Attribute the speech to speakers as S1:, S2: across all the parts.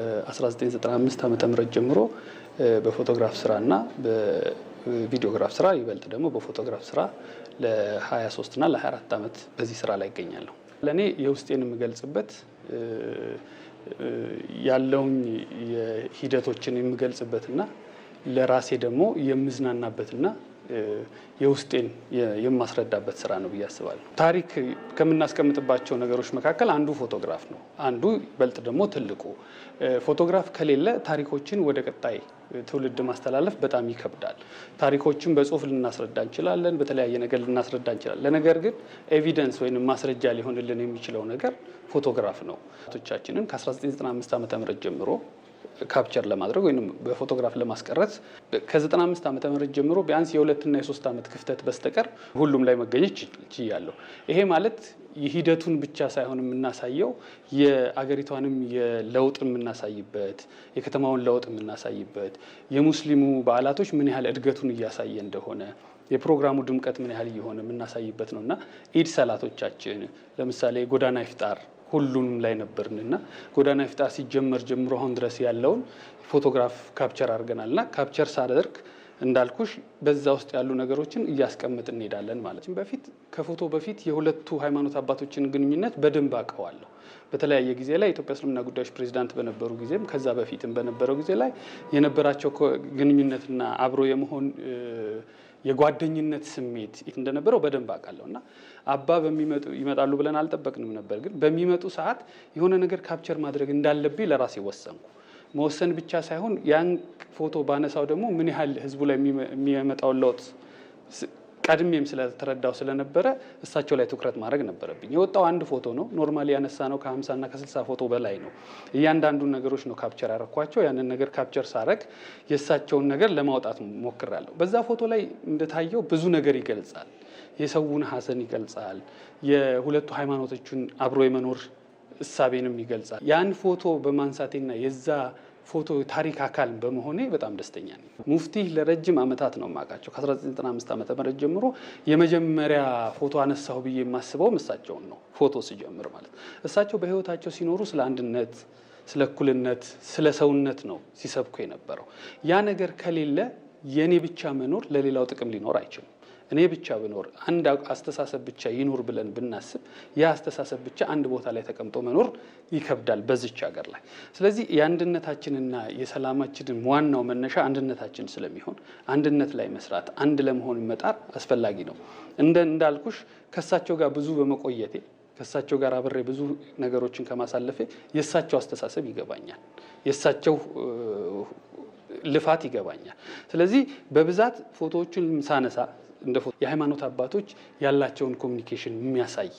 S1: 1995 ዓ.ም ጀምሮ በፎቶግራፍ ስራና በቪዲዮግራፍ ስራ ይበልጥ ደግሞ በፎቶግራፍ ስራ ለ23 እና ለ24 ዓመት በዚህ ስራ ላይ ይገኛለሁ። ለእኔ የውስጤን የምገልጽበት ያለውን ሂደቶችን የምገልጽበትና ለራሴ ደግሞ የምዝናናበትና የውስጤን የማስረዳበት ስራ ነው ብዬ አስባለሁ። ታሪክ ከምናስቀምጥባቸው ነገሮች መካከል አንዱ ፎቶግራፍ ነው። አንዱ ይበልጥ ደግሞ ትልቁ ፎቶግራፍ ከሌለ ታሪኮችን ወደ ቀጣይ ትውልድ ማስተላለፍ በጣም ይከብዳል። ታሪኮችን በጽሁፍ ልናስረዳ እንችላለን፣ በተለያየ ነገር ልናስረዳ እንችላለን። ለነገር ግን ኤቪደንስ ወይም ማስረጃ ሊሆንልን የሚችለው ነገር ፎቶግራፍ ነው። ቶቻችንን ከ1995 ዓ ም ጀምሮ ካፕቸር ለማድረግ ወይም በፎቶግራፍ ለማስቀረት ከ95 ዓመተ ምህረት ጀምሮ ቢያንስ የሁለትና የሶስት ዓመት ክፍተት በስተቀር ሁሉም ላይ መገኘት ችያለሁ። ይሄ ማለት የሂደቱን ብቻ ሳይሆን የምናሳየው የአገሪቷንም የለውጥ የምናሳይበት የከተማውን ለውጥ የምናሳይበት የሙስሊሙ በዓላቶች ምን ያህል እድገቱን እያሳየ እንደሆነ የፕሮግራሙ ድምቀት ምን ያህል እየሆነ የምናሳይበት ነው እና ኢድ ሰላቶቻችን ለምሳሌ ጎዳና ይፍጣር ሁሉንም ላይ ነበርን እና ጎዳና ፊጣ ሲጀመር ጀምሮ አሁን ድረስ ያለውን ፎቶግራፍ ካፕቸር አድርገናል እና ካፕቸር ሳደርግ እንዳልኩሽ በዛ ውስጥ ያሉ ነገሮችን እያስቀምጥ እንሄዳለን ማለት በፊት ከፎቶ በፊት የሁለቱ ሃይማኖት አባቶችን ግንኙነት በደንብ አውቀዋለሁ። በተለያየ ጊዜ ላይ የኢትዮጵያ እስልምና ጉዳዮች ፕሬዚዳንት በነበሩ ጊዜም ከዛ በፊትም በነበረው ጊዜ ላይ የነበራቸው ግንኙነትና አብሮ የመሆን የጓደኝነት ስሜት እንደነበረው በደንብ አውቃለሁ። እና አባ በሚመጡ ይመጣሉ ብለን አልጠበቅንም ነበር፣ ግን በሚመጡ ሰዓት የሆነ ነገር ካፕቸር ማድረግ እንዳለብኝ ለራሴ ወሰንኩ። መወሰን ብቻ ሳይሆን ያን ፎቶ ባነሳው ደግሞ ምን ያህል ህዝቡ ላይ የሚመጣውን ለውጥ ቀድሜም ስለተረዳው ስለነበረ እሳቸው ላይ ትኩረት ማድረግ ነበረብኝ። የወጣው አንድ ፎቶ ነው። ኖርማሊ ያነሳ ነው ከ50 እና ከ60 ፎቶ በላይ ነው። እያንዳንዱን ነገሮች ነው ካፕቸር ያረኳቸው። ያንን ነገር ካፕቸር ሳረግ የእሳቸውን ነገር ለማውጣት ሞክራለሁ። በዛ ፎቶ ላይ እንደታየው ብዙ ነገር ይገልጻል። የሰውን ሀዘን ይገልጻል። የሁለቱ ሃይማኖቶችን አብሮ የመኖር እሳቤንም ይገልጻል። ያን ፎቶ በማንሳቴና የዛ ፎቶ ታሪክ አካል በመሆኔ በጣም ደስተኛ ነኝ። ሙፍቲ ለረጅም ዓመታት ነው የማውቃቸው። ከ1995 ዓ ምህረት ጀምሮ የመጀመሪያ ፎቶ አነሳሁ ብዬ የማስበውም እሳቸውን ነው። ፎቶ ሲጀምር ማለት እሳቸው በህይወታቸው ሲኖሩ ስለ አንድነት፣ ስለ እኩልነት፣ ስለ ሰውነት ነው ሲሰብኩ የነበረው። ያ ነገር ከሌለ የእኔ ብቻ መኖር ለሌላው ጥቅም ሊኖር አይችልም። እኔ ብቻ ብኖር አንድ አስተሳሰብ ብቻ ይኖር ብለን ብናስብ ያ አስተሳሰብ ብቻ አንድ ቦታ ላይ ተቀምጦ መኖር ይከብዳል በዚች ሀገር ላይ። ስለዚህ የአንድነታችንና የሰላማችንን ዋናው መነሻ አንድነታችን ስለሚሆን አንድነት ላይ መስራት፣ አንድ ለመሆን መጣር አስፈላጊ ነው። እንደ እንዳልኩሽ ከእሳቸው ጋር ብዙ በመቆየቴ ከእሳቸው ጋር አብሬ ብዙ ነገሮችን ከማሳለፌ የእሳቸው አስተሳሰብ ይገባኛል፣ የእሳቸው ልፋት ይገባኛል። ስለዚህ በብዛት ፎቶዎቹን ሳነሳ እንደ የሃይማኖት አባቶች ያላቸውን ኮሚኒኬሽን የሚያሳይ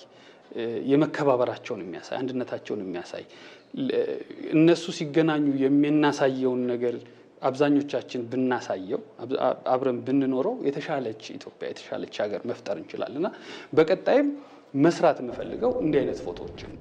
S1: የመከባበራቸውን የሚያሳይ አንድነታቸውን የሚያሳይ እነሱ ሲገናኙ የምናሳየውን ነገር አብዛኞቻችን ብናሳየው አብረን ብንኖረው የተሻለች ኢትዮጵያ የተሻለች ሀገር መፍጠር እንችላለን እና በቀጣይም መስራት የምፈልገው እንዲህ አይነት ፎቶዎችን